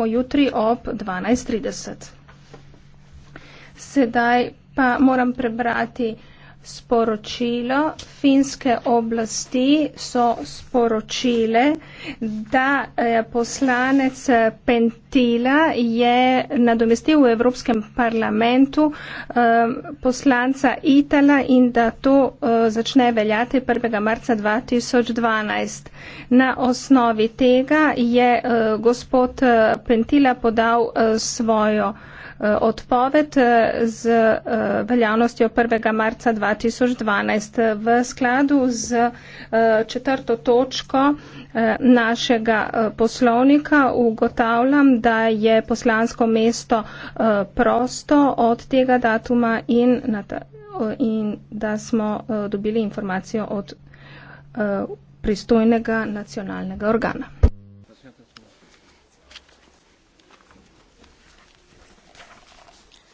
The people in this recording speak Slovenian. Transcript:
bomo jutri ob 12.30. Sedaj pa moram prebrati sporočilo. Finske oblasti so sporočile, da eh, poslanec eh, Pentila je nadomestil v Evropskem parlamentu eh, poslanca Itala in da to začne veljati 1. marca 2012. Na osnovi tega je gospod Pentila podal svojo odpoved z veljavnostjo 1. marca 2012. 2012. V skladu z eh, četrto točko eh, našega eh, poslovnika ugotavljam, da je poslansko mesto prosto od tega datuma in, in da smo dobili informacijo od pristojnega nacionalnega organa.